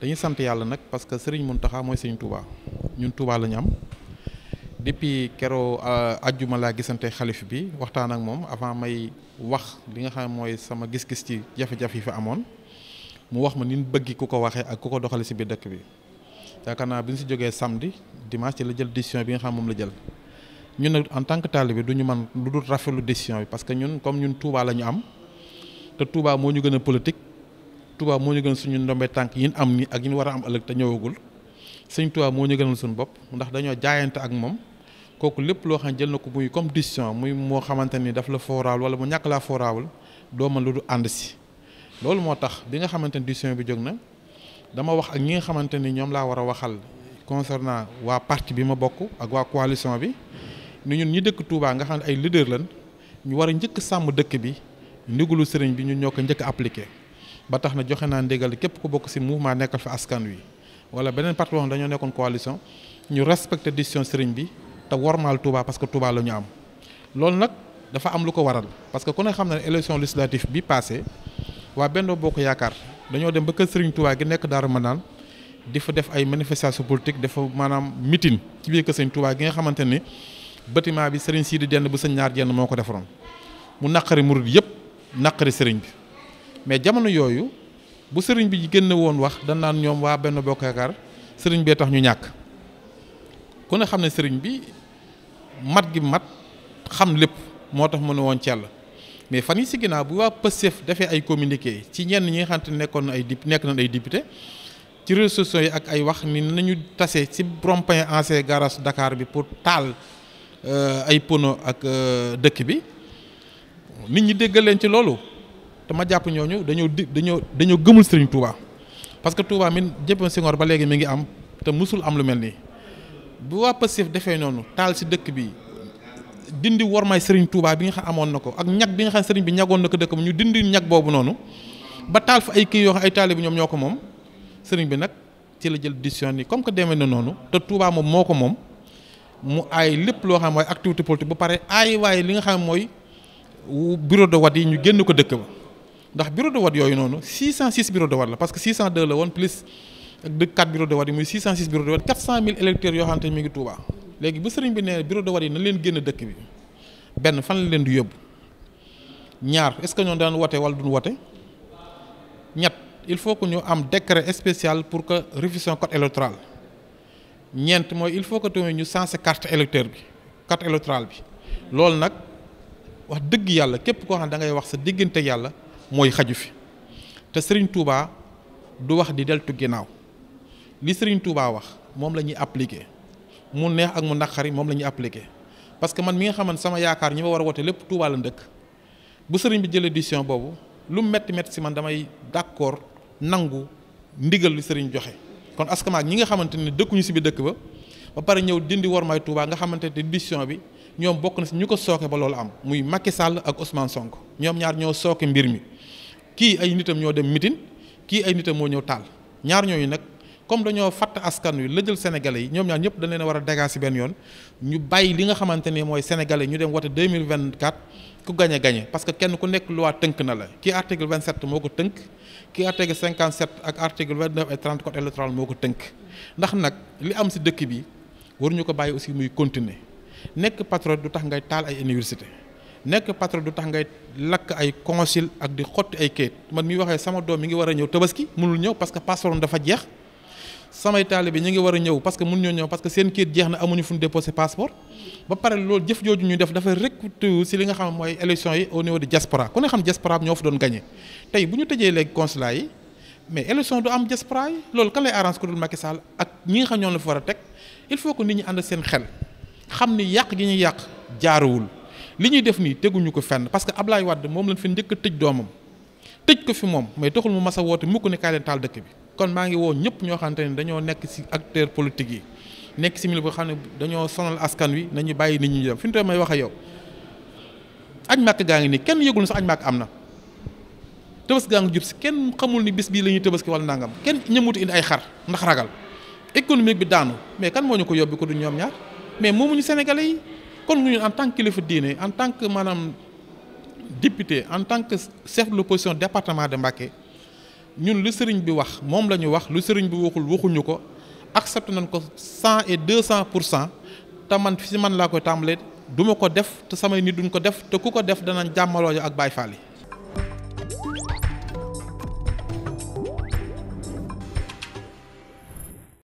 dañuy sant yàlla nag parce que Serigne Mountakha mooy Serigne Touba ñun Touba la ñu am depuis keroo àjjuma euh, laa gisante xalif bi waxtaan ak moom avant may wax li nga xam mooy sama gis-gis ci jafe-jafe yi fa amoon mu wax ma ni bëggi ku ko waxee ak ku ko doxalee si biir dëkk bi yaakaar naa bi ñu si jógee samedi dimanche ci la jël décision bi nga xam moom la jël. ñun nag en tant que taalibe du ñu man lu dul rafetlu décision bi parce que ñun comme ñun Touba la ñu am te Touba moo ñu gën a politique Touba moo ñu gën suñu ndombee tànk yi am ni ak yi war a am ëllëg te ñëwagul sëñ Touba moo ñu gënal suñu bopp ndax dañoo jaayante ak moom kooku lépp loo xam jël na ko muy comme décision muy moo xamante ni daf la fooraawul wala mu ñàkk laa fooraawul doo man lu dul ànd si loolu moo tax bi nga xamante ni décision bi jóg na dama wax ak ñi nga xamante ni ñoom laa war a waxal concernant waa parti bi ma bokk ak waa coalition bi ni ñu ñi dëkk Touba nga xam ne ay leader lan ñu war a njëkk sàmm dëkk bi ndigalu sëriñ bi ñu ñoo ko njëkk appliqué ba tax na joxe naa ndigal képp ku bokk ci mouvement nekkal fa askan wi wala beneen parti wax dañoo nekkoon coalition ñu respecte décision sëriñ bi te wormaal Touba parce que Touba la ñu am loolu nag dafa am lu ko waral parce que ku ne xam na ne élection législative bi passé waa Benno Bokk Yaakaar dañoo dem ba kër sëriñ Touba gi nekk Daaru Manaan di fa def ay manifestation politique dafa maanaam meeting ci biir kër sëriñ Touba gi nga xamante ni bâtiment bi sëriñ Sidi Dieng bu sëñ ñaar jenn moo ko defaroon mu naqari murid yëpp naqari sëriñ bi mais jamono yooyu bu sëriñ bi génn woon wax dañ naan ñoom waa benn bokk yaakaar sëriñ bee tax ñu ñàkk ku ne xam ne sëriñ bi mat gi mat xam lépp moo tax mu ne woon cell mais fan yi si ginnaaw bu waa Pastef defee ay communiqué ci ñenn ñi nga xam te nekkoon ay dip nekk nañ ay député ci réseaux sociaux yi ak ay wax ni nañu tase ci rond-point ancien garage Dakar bi pour taal Euh, ay pono ak euh, dëkk bi nit ñi déggal leen ci loolu dama jàpp ñooñu dañoo di dañoo dañoo gëmul sëriñ Touba parce que Touba min jëpp Senghor ba léegi mi ngi am te mosul am lu mel nii bu waa Pastef defee noonu taal si dëkk bi dindi wormaay Serigne Touba bi nga xam amoon na ko ak ñag bi nga xam Serigne bi ñagoon na ko dëkk bi ñu dindi ñag boobu noonu ba taal fa ay kii yoo xam ay bi ñoom ñoo ko moom Serigne bi nag ci la jël décision ni comme que demee na noonu te Touba moom moo ko moom. mu aay lépp loo xam mooy activité politique ba pare aay waaye li nga xam mooy bureau de vote yi ñu génn ko dëkk ba ndax bureau de vote yooyu noonu 606 bureau de vote la parce que 602 la woon plus ak dëkk 4 bureau de vote yi muy 606 bureau de vote 400000 électeurs yoo xamante ni mi ngi Touba léegi bu sëriñ bi nee bureau de vote yi na leen génn dëkk bi benn fan la leen di yóbbu ñaar est-ce que ñoom daan wote wala duñ wote ñett il faut que ñu am décret spécial pour que révision code électoral ñeent mooy il faut que tamit ñu sensé carte électeur bi carte électorale bi loolu nag wax dëgg yàlla képp ko xam ne da ngay wax sa diggante yàlla mooy xaju fi te sëriñ Touba du wax di deltu ginnaaw li Serigne Touba wax moom la ñuy appliqué mu neex ak mu naqari moom la ñuy appliqué parce que man mi nga xamante sama yaakaar ñi ma war a wotee lépp Touba la ndëkk bu Serigne bi jëlee décision boobu lu metti metti si man damay d'accord nangu ndigal li Serigne joxe. kon askamaak ñi nga xamante ne dëkkuñu si biir dëkk ba ba pare ñëw dindi wormaay Touba nga xamante ne décision bi ñoom bokk na si ñu ko sooke ba loolu am muy Macky sàll ak osmaan sonk ñoom ñaar ñoo sooke mbir mi kii ay nitam ñoo dem mitin kii ay nitam moo ñëw taal ñaar yi nag comme dañoo fatt askan wi jël sénégale yi ñoom ñaar ñëpp dañ leen war a dégaa si benn yoon ñu bàyyi li nga xamante ni mooy sénégalais ñu dem wote 2024 ku gañe gañe parce que kenn ku nekk loi tënk na la kii article 27 moo ko tënk kii article 57 ak article 29 et 30 code électoral moo ko tënk ndax nag li am si dëkk bi waruñu ko bàyyi aussi muy continuer nekk patriote du tax ngay taal ay université nekk patriote du tax ngay lakk ay concile ak di xotti ay kayit man mi waxee sama doom mi ngi a ñëw tabaski mënul ñëw parce que passeport dafa jeex samay taalibe ñu ngi war a ñëw parce que mun ñoo ñëw parce que seen kayit jeex na amuñu fu ñu déposé passeport ba pare loolu jëf jooju ñu def dafa recruter si li nga xam mooy élection yi au niveau de diaspora ku ne xam diaspora ñoo fa doon am diaspora yi loolu kan lay arrange ku dul Macky Sall ak ñi fa que nit ñi ànd seen xel xam ni yàq gi ñuy yàq jaaruwul li ñuy def nii teguñu ko fenn parce que Ablaye Wade moom lañ fi njëkk a tëj doomam tëj ko fi moom mais taxul mu mas a woote mukk ne kaay leen taal dëkk bi kon maa ngi woo ñëpp ñoo xamante ne dañoo nekk ci acteur politique yi nekk ci milieu boo xam ne dañoo sonal askan wi nañu bàyyi nit ñi dem fi mu toll may wax ak yow añ màkk gaa ngi nii kenn yëgul ne sax añ am na tabaski gaa ngi jub ci kenn xamul ni bis bii la ñuy ki walla nangam kenn ñëmutu indi ay xar ndax ragal économique bi daanu mais kan moo ñu ko yóbbu ko du ñoom ñaar mais moomuñu sénégalais yi kon ñun en tant que kilifa diine en tant que maanaam député en tant que chef de l'opposition de Mbacké ñun lu sëriñ bi wax moom la ñu wax lu sëriñ bi waxul waxuñu ko accepté nañ ko cent et deux cent pour cent te man fi man laa koy tàmbalee du ma ko def te samay nit duñ ko def te ku ko def danañ jàmmaloo ak Baay Faal yi